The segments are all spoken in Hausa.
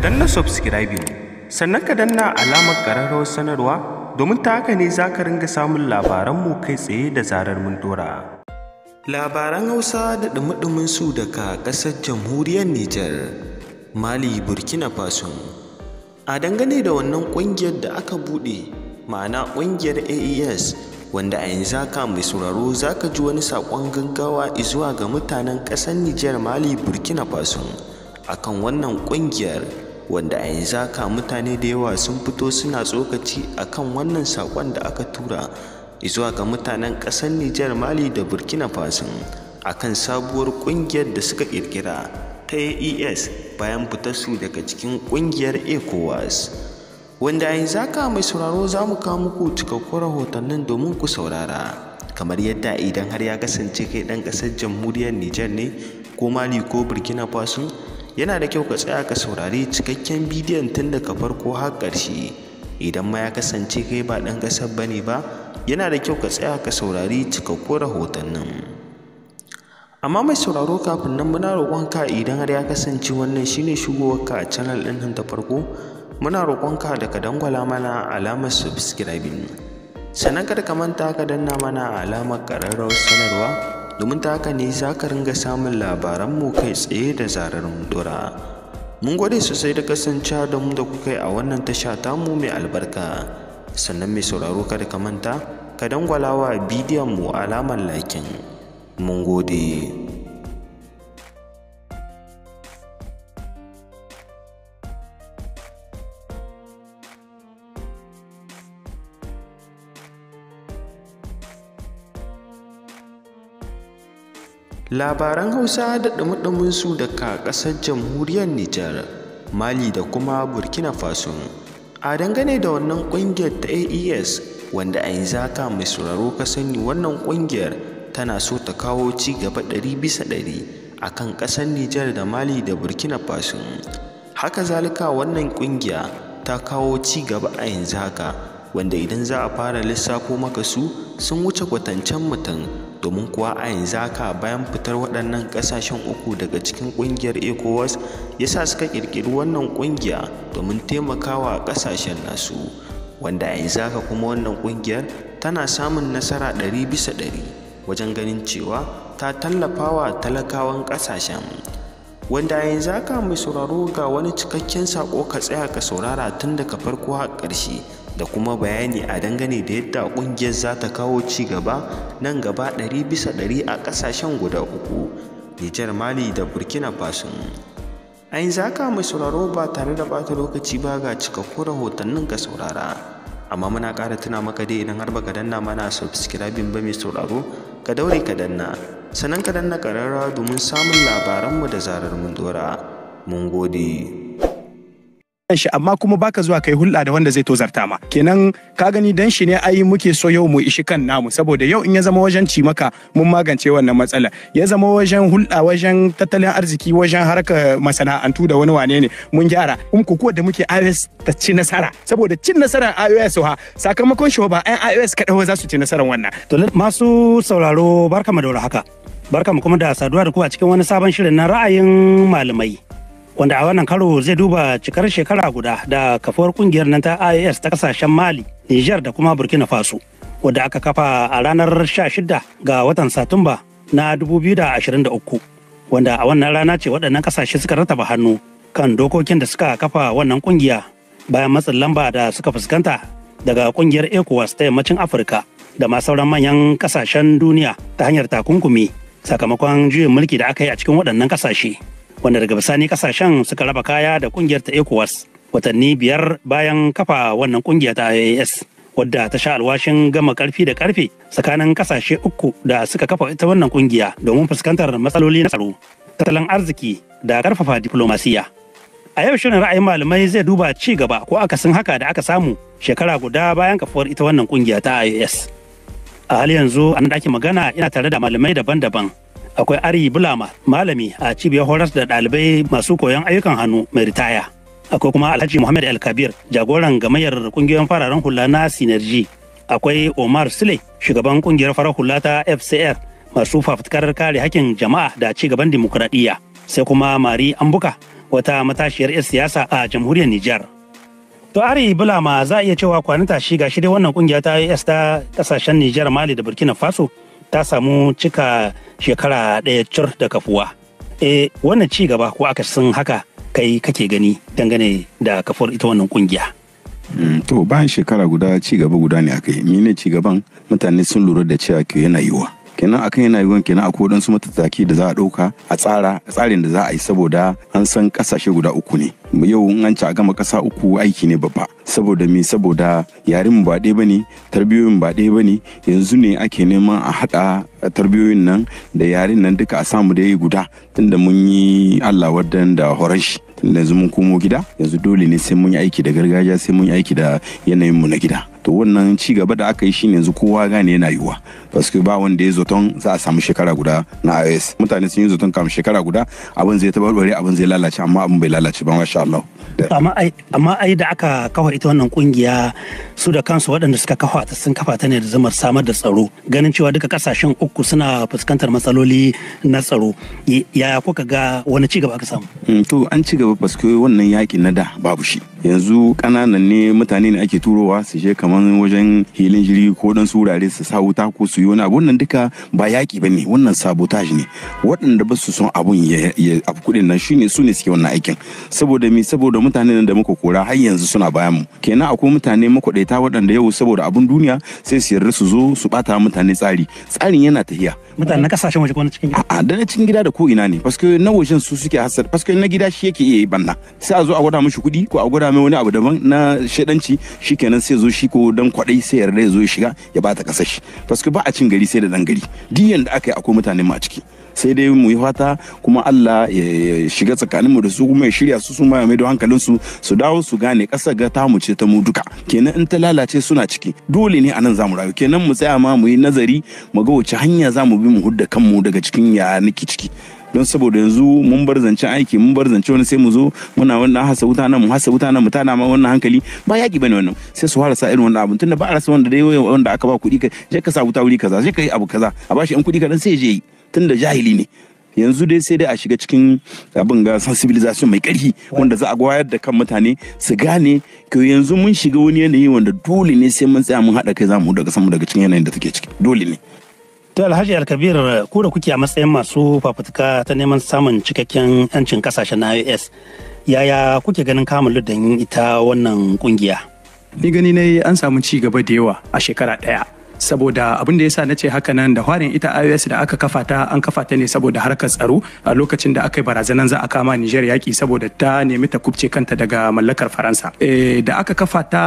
danna subscribing sannan ka danna alamar ƙararrawar sanarwa domin ta haka ne za ka ringa samun labaranmu kai tsaye da zarar mun dora. Labaran Hausa da ɗumi su daga ƙasar jamhuriyar Nijar, Mali Burkina Faso. A dangane da wannan ƙungiyar da aka buɗe, ma'ana ƙungiyar AES wanda a yanzu haka mai sauraro za ka ji wani saƙon gaggawa izuwa ga mutanen ƙasar Nijar Mali Burkina Faso akan wannan ƙungiyar. wanda a yanzu haka mutane da yawa sun fito suna tsokaci akan wannan saƙon da aka tura zuwa ga mutanen ƙasar Nijar Mali da Burkina Faso akan sabuwar ƙungiyar da suka ƙirƙira ta AES bayan su daga cikin ƙungiyar ECOWAS. Wanda a yanzu haka mai sauraro za mu kawo muku cikakkun rahotannin domin ku saurara. Kamar yadda idan har ya kasance kai ɗan ƙasar jamhuriyar Nijar ne ko Mali ko Burkina Faso yana da kyau ka tsaya ka saurari cikakken bidiyon tun daga farko har ƙarshe idan ma ya kasance kai ba ɗan ƙasar bane ba yana da kyau ka tsaya ka saurari cikakkun nan amma mai sauraro kafin nan muna roƙonka idan har ya kasance wannan shine shigowarka a channel ɗin nan ta farko muna roƙonka da ka dangwala mana alamar subscribing sannan kada ka manta ka danna mana alamar ƙararrawar sanarwa domin ta haka ne za ka ringa samun labaranmu kai tsaye da zarar mu dora mun gwade sosai da kasance da mu da kuka yi a wannan tasha tamu mai albarka sannan mai sauraro kada ka manta ka dangwala wa bidiyon mu alamar lakin mun gode labaran hausa da ɗumi su daga ƙasar jamhuriyar nijar mali da kuma burkina faso a dangane da wannan ƙungiyar ta aes wanda a yanzu haka mai sauraro ka sani wannan ƙungiyar tana so ta kawo ci gaba ɗari bisa ɗari a kan ƙasar nijar da mali da burkina faso haka zalika wannan ƙungiya ta kawo ci gaba a yanzu haka wanda idan za a fara lissafo maka su sun wuce kwatancen mutum domin kuwa a yanzu haka bayan fitar waɗannan ƙasashen uku daga cikin ƙungiyar ecowas ya sa suka ƙirƙiri wannan ƙungiya domin taimakawa ƙasashen nasu wanda a yanzu haka kuma wannan ƙungiyar tana samun nasara ɗari bisa ɗari wajen ganin cewa ta tallafawa talakawan ƙasashen wanda a yanzu haka mai sauraro ga wani cikakken saƙo ka tsaya ka saurara tun daga farko har ƙarshe da kuma bayani a dangane da yadda kungiyar za ta kawo ci gaba nan gaba ɗari bisa ɗari a ƙasashen guda uku Nijar Mali da Burkina Faso. A yanzu haka mai sauraro ba tare da bata lokaci ba ga cikakkun rahotannin ka saurara. Amma muna ƙara tuna maka dai idan har baka danna mana subscribe ba mai sauraro ka daure ka danna sannan ka danna ƙararrawa domin samun labaranmu da zarar mun dora. Mun gode. shi amma kuma baka zuwa kai hulɗa da wanda zai tozarta ma kenan ka gani dan shi ne ai muke so yau mu ishi kan namu saboda yau in ya zama wajen cimaka mun magance wannan matsala ya zama wajen hulɗa wajen tattalin arziki wajen harka masana'antu da wani wane ne mun gyara kuma ku kuwa da muke iOS ta ci nasara saboda cin nasarar iOS ha sakamakon shi ba ai iOS kaɗai za su ci nasarar wannan. To masu sauraro barka haka. Barka mu kuma da saduwa da ku a cikin wani sabon shirin na ra'ayin malamai. wanda a wannan karo zai duba cikar shekara guda da kafuwar kungiyar nan ta IAS ta kasashen Mali, Nijar da kuma Burkina Faso, wadda aka kafa a ranar 16 ga watan Satumba na 2023, wanda a wannan rana ce waɗannan kasashe suka rataba hannu kan dokokin da suka kafa wannan kungiya bayan matsin lamba da suka fuskanta daga kungiyar ECOWAS ta yammacin Afirka da ma sauran manyan kasashen duniya ta hanyar takunkumi sakamakon juyin mulki da aka yi a cikin waɗannan kasashe. wanda daga bisani kasashen suka raba kaya da kungiyar ta ECOWAS watanni biyar bayan kafa wannan kungiya ta IAS wadda ta sha alwashin gama karfi da karfe tsakanin kasashe uku da suka kafa ita wannan kungiya domin fuskantar matsaloli na tsaro, tattalin arziki da karfafa diplomasiya. A yau shirin ra'ayin malamai zai duba ci gaba ko akasin haka da aka samu shekara guda bayan kafuwar ita wannan kungiya ta IAS? A hali yanzu a ɗakin magana ina tare da malamai daban-daban akwai ari bulama malami a cibiyar horas da ɗalibai masu koyon ayyukan hannu mai ritaya akwai kuma alhaji muhammad Kabir jagoran gamayyar kungiyoyin fararen hula na sinerji akwai omar sule shugaban ƙungiyar farar hula ta fcr masu fafutukar kare hakkin jama'a da ci gaban dimokuraɗiyya sai kuma mari ambuka wata matashiyar 'yar siyasa a jamhuriyar nijar To Ari Bulama za a iya cewa kwanata shi ga shi dai wannan kungiya ta IS ta kasashen Nijar, Mali da Burkina Faso ta samu cika shekara ɗaya cur da kafuwa. E wannan ci gaba ko aka sun haka kai kake gani dangane da kafuwar ita wannan ƙungiya. Mm, to bayan shekara guda ci gaba guda ne aka yi. ne ci gaban mutane sun lura da cewa ke yana yiwuwa. kenan akan yana yiwuwan kenan akwai su matattaki da za a ɗauka a tsara a tsarin da za a yi saboda an san kasashe guda uku ne yau in an ci a gama kasa uku aiki ne babba saboda me saboda yarin ba ɗaya bane tarbiyoyin ba ɗaya bane yanzu ne ake neman a haɗa tarbiyoyin nan da yarin nan duka a samu da guda tunda mun yi Allah wadan da horon shi yanzu mun komo gida yanzu dole ne sai mun yi aiki da gargajiya sai mun yi aiki da yanayin mu na gida to wannan ci gaba da aka yi shine yanzu kowa gane yana yiwuwa que ba wanda ya zaton za a samu shekara guda na iOS mutane sun yi zaton kam shekara guda abin zai tabarbare abin zai lalace amma abin bai lalace ba masha Allah amma ai da aka kafa ita wannan kungiya su da kansu waɗanda suka kafa ta sun kafa ta ne da zamar samar da tsaro ganin cewa duka kasashen uku suna fuskantar matsaloli na tsaro yaya kuka ga wani ci gaba aka samu mm, to an ci gaba paske wannan yaki na da babu shi yanzu ƙananan ne mutane ne ake turowa su je kamar wajen hilin jiri ko dan surare su sa wuta ko su yi wani abu wannan duka ba yaki ba ne wannan sabotage ne waɗanda ba su son abun ya abu kuɗin nan shine su ne suke wannan aikin saboda mi saboda mutane nan da muka kora har yanzu suna bayan mu kenan akwai mutane makwaɗaita waɗanda yau saboda abun duniya sai su yarda su zo su bata mutane tsari tsarin yana tahiya mutane na kasashen waje ko na cikin gida a'a da na cikin gida da ko ina ne paske na wajen su suke hasar paske na gida shi yake iya yi banna sai a zo a gwada mishi kuɗi ko a gwada mai wani abu daban na shedanci shikenan sai zo shi ko dan kwadai sai yarda ya zo ya shiga ya bata kasashi shi paske ba a cin gari sai da dan gari diyan da aka yi akwai mutane ma a ciki sai dai mu yi fata kuma Allah ya shiga tsakaninmu da su kuma ya shirya su su mai da hankalinsu su dawo su gane ƙasar ga tamu ce ta mu duka kenan in ta lalace suna ciki dole ne anan zamu rayu kenan mu tsaya ma mu yi nazari mu ga wace hanya zamu bi mu hudda kanmu daga cikin ya niki ciki don saboda yanzu mun bar zancen aiki mun bar zance wani sai mu zo muna wannan hasa wuta nan mu hasa wuta nan mu tana ma wannan hankali ba yaki bane wannan sai su fara sa irin wannan abun tunda ba a rasa wanda dai wanda aka ba kuɗi kai je ka sa wuta wuri kaza je ka yi abu kaza a bashi yan kuɗi kaɗan sai je yi Tun da jahili ne yanzu dai sai dai a shiga cikin abin ga sensibilization mai ƙarfi wanda za a wayar da kan mutane su gane ke yanzu mun shiga wani yanayi wanda dole ne sai mun tsaya mun haɗa kai zamu daga samu daga cikin yanayin da take ciki dole ne Ta alhaji alkabir ku da kuke a matsayin masu fafutuka ta neman samun cikakken yancin kasashen na ios yaya kuke ganin kamun ludan ita wannan kungiya ni gani ne an samu ci gaba da yawa a shekara ɗaya saboda abin da yasa nace haka nan da harin ita IOS da aka kafa ta an kafa ta ne saboda harkar tsaro a lokacin da aka yi barazanan za a kama Niger yaki saboda ta nemi ta kubce kanta daga mallakar Faransa eh, da aka kafa ta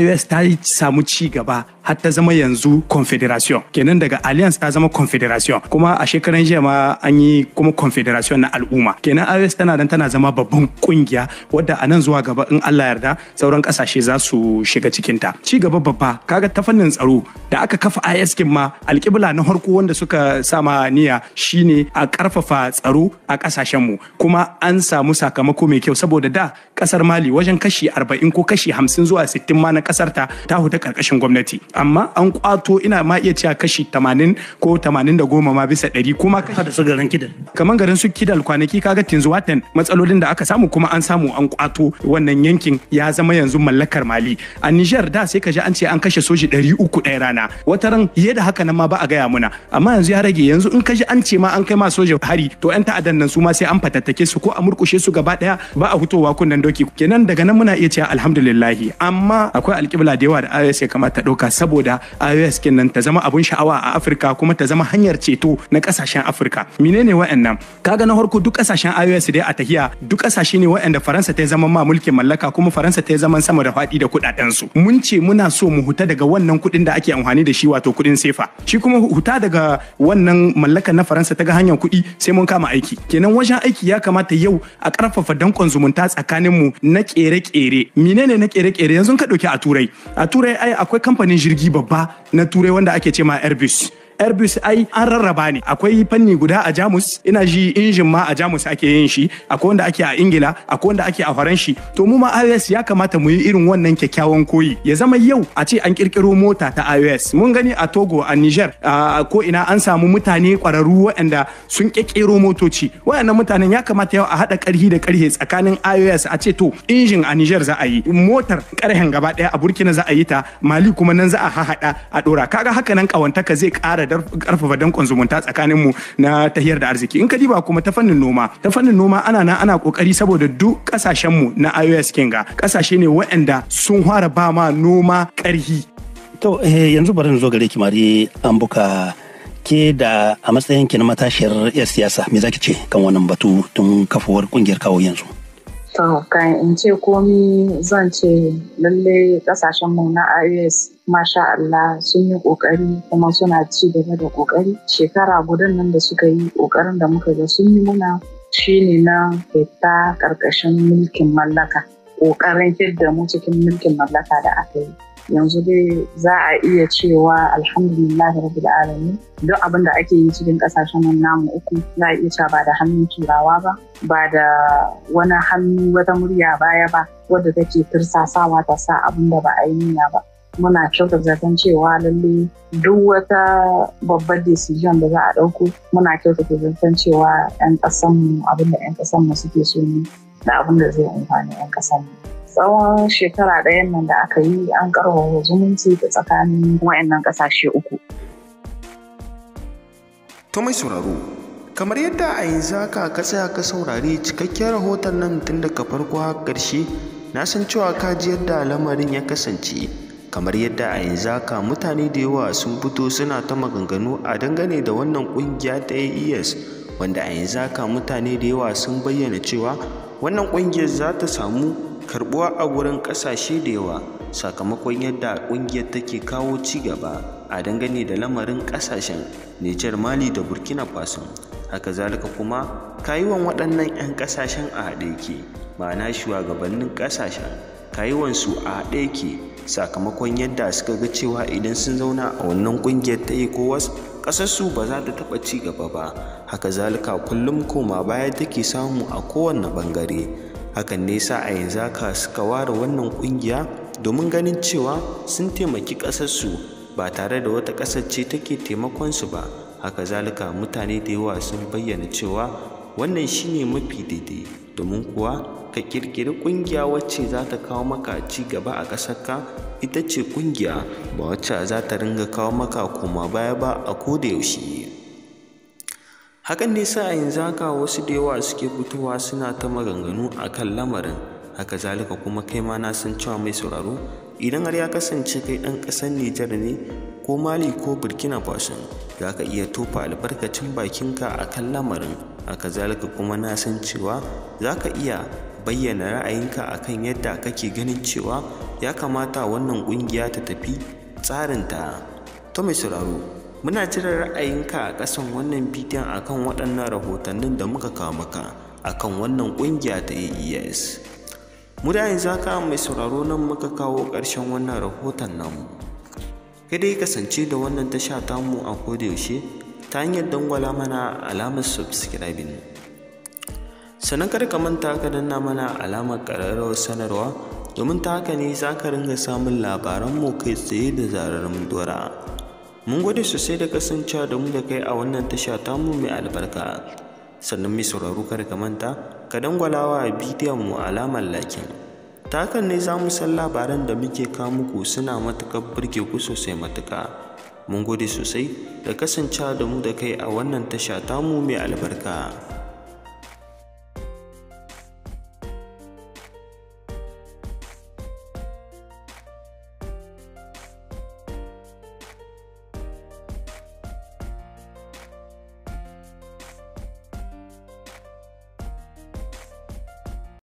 IOS ta samu ci gaba har ta zama yanzu confederation kenan daga alliance ta zama confederation kuma a shekaran jiya ma an yi kuma confederation na al'umma kenan ios tana dan tana zama babban kungiya wadda a nan zuwa gaba in allah yarda sauran kasashe za su shiga ta ci gaba babba kaga ta fannin tsaro da aka kafa is kin ma alƙibla na harko wanda suka sama niyya shine a karfafa tsaro a kasashen mu kuma an samu sakamako mai kyau saboda da kasar mali wajen kashi 40 ko kashi 50 zuwa 60 ma na kasarta ta ta huta ƙarƙashin gwamnati amma an kwato ina ma iya cewa kashi 80 ko 80 da goma ma bisa 100 kuma ka da su garin kidal kamar garin su kidal kwanaki kaga tinzu watan matsalolin da aka samu kuma an samu an kwato wannan yankin ya zama yanzu mallakar mali a Niger da sai ka ji an ce an kashe soji 300 ɗaya rana wata ran fiye da haka nan ma ba a gaya muna amma yanzu ya rage yanzu in ka ji an ce ma an kai ma soja hari to yan ta'addan nan su ma sai an fatattake su ko a murkushe su gaba daya ba a hutowa kunnan doki kenan daga nan muna iya cewa alhamdulillah amma akwai alƙibla da yawa da ya kamata ɗauka saboda iOS kin ta zama abun sha'awa a Afirka kuma ta zama hanyar ceto na kasashen Afirka menene wa'annan kaga na farko duk kasashen iOS dai a tahiya duk kasashe ne wa'anda Faransa ta zama ma mulkin mallaka kuma Faransa ta zama sama da faɗi da kuɗaɗen su mun ce muna so mu huta daga wannan kuɗin da ake amfani da shi wato kuɗin sefa shi kuma huta daga wannan mallakar na Faransa ta ga hanyar kuɗi sai mun kama aiki kenan wajen aiki ya kamata yau a ƙarfafa dankon zumunta tsakanin mu na kere-kere menene na kere-kere yanzu ka ɗauki a turai a turai ai akwai kamfanin jirgi babba na turai wanda ake ce ma airbus airbus ai an rarraba ne akwai fanni guda a jamus ina ji injin ma a jamus ake yin shi akwai wanda ake a ingila akwai wanda ake a faranshi to mu ma ios ya kamata mu yi irin wannan kyakkyawan koyi ya zama yau a ce an kirkiro mota ta ios mun gani a togo a niger a ko ina an samu mutane kwararru waɗanda sun kirkiro motoci waɗannan mutanen ya kamata yau a haɗa karhi da karhe tsakanin ios a ce to injin a niger za a yi motar ƙarhen gaba ɗaya a burkina za a yi ta mali kuma nan za a hahaɗa a ɗora kaga haka nan ƙawantaka zai ƙara karfafa dankon zumunta tsakanin mu na tahiyar da arziki in ka diba kuma ta fannin noma ta fannin noma ana na ana kokari saboda duk kasashen mu na iOS kinga kasashe ne waɗanda sun fara ba ma noma karhi to eh, yanzu bari zo gare ki mari an buka ke da a matsayin ki na matashiyar 'yar siyasa me zaki ce kan wannan batu tun kafuwar kungiyar kawo yanzu To, kan in ce komi zan ce lalle kasashen mu na IS masha Allah sun yi ƙoƙari kuma suna ci gaba da kokari. Shekara gudun nan da suka yi ƙoƙarin da muka ga sun yi muna ne na fita ƙarƙashin mulkin mallaka. Kokarin mu cikin mulkin mallaka da aka yi. yanzu dai za a iya cewa alhamdulillah rabbil alamin duk abin da ake yi cikin kasashen nan namu uku za a iya cewa ba da hannun turawa ba ba da wani hannu wata murya baya ba wadda take tursasawa ta sa abin da ba a yi niyya ba muna kyautar zaton cewa lalle duk wata babbar decision da za a ɗauko muna kyautata zaton cewa 'yan ƙasanmu abin da 'yan ƙasanmu suke so ne da abin da zai amfani 'yan ƙasanmu. tsawon shekara ɗayan nan da aka yi an karfafa zumunci da tsakanin wayannan ƙasashe uku. To mai sauraro, kamar yadda a yanzu haka ka tsaya ka saurari cikakken rahoton nan tun daga farko har ƙarshe na san cewa ka ji yadda lamarin ya kasance kamar yadda a yanzu haka mutane da yawa sun fito suna ta maganganu a dangane da wannan ƙungiya ta AES wanda a yanzu haka mutane da yawa sun bayyana cewa wannan ƙungiyar za ta samu karbuwa a wurin ƙasashe da yawa sakamakon yadda ƙungiyar take kawo ci gaba a dangane da lamarin ƙasashen Nijar Mali da Burkina Faso haka zalika kuma kayuwan waɗannan 'yan ƙasashen a haɗe yake ma'ana shugabannin ƙasashen kayuwansu a haɗe yake sakamakon yadda suka ga cewa idan sun zauna a wannan ƙungiyar ta ECOWAS su ba za ta taɓa ci gaba ba haka zalika kullum koma baya take samu a kowanne bangare hakan ne sa a yanzu haka suka ware wannan ƙungiya domin ganin cewa sun taimaki ƙasarsu ba tare da wata ƙasar ce take su ba haka zalika mutane da yawa sun bayyana cewa wannan shine mafi daidai domin kuwa ka ƙirƙiri ƙungiya wacce za ta kawo maka ci gaba a ƙasarka ita ce ƙungiya ba wacce za ta ringa kawo maka koma baya ba a koda yaushe hakan ne sa yanzu haka wasu da yawa suke fitowa suna ta maganganu a kan lamarin haka zalika kuma kai ma na san cewa mai sauraro idan har ya kasance kai ɗan ƙasar nijar ne ko mali ko burkina faso za ka iya tofa albarkacin bakinka a kan lamarin haka zalika kuma na san cewa za ka iya bayyana ra'ayinka a kan yadda kake ganin cewa ya kamata wannan ƙungiya ta tafi tsarinta ta mai sauraro muna jiran ra'ayinka a ƙasan wannan bidiyon akan waɗannan rahotannin da muka kawo maka akan wannan ƙungiya ta AES mu da yanzu haka mai sauraro nan muka kawo ƙarshen wannan rahoton namu kai dai kasance da wannan tasha mu a kodayaushe ta hanyar dangwala mana alamar subscribing sannan kada ka manta ka danna mana alamar ƙararrawar sanarwa domin ta haka ne za ka ringa samun labaran mu kai tsaye da zararen dora mun gode sosai da kasancewa da mu da kai a wannan tasha ta mu mai albarka sannan mai sauraro kar ka manta ka dangwalawa a bidiyon mu alamar lakin ta hakan ne za mu san labaran da muke kawo muku suna matuƙar burge ku sosai matuƙa mun gode sosai da kasancewa da mu da kai a wannan tasha tamu mai albarka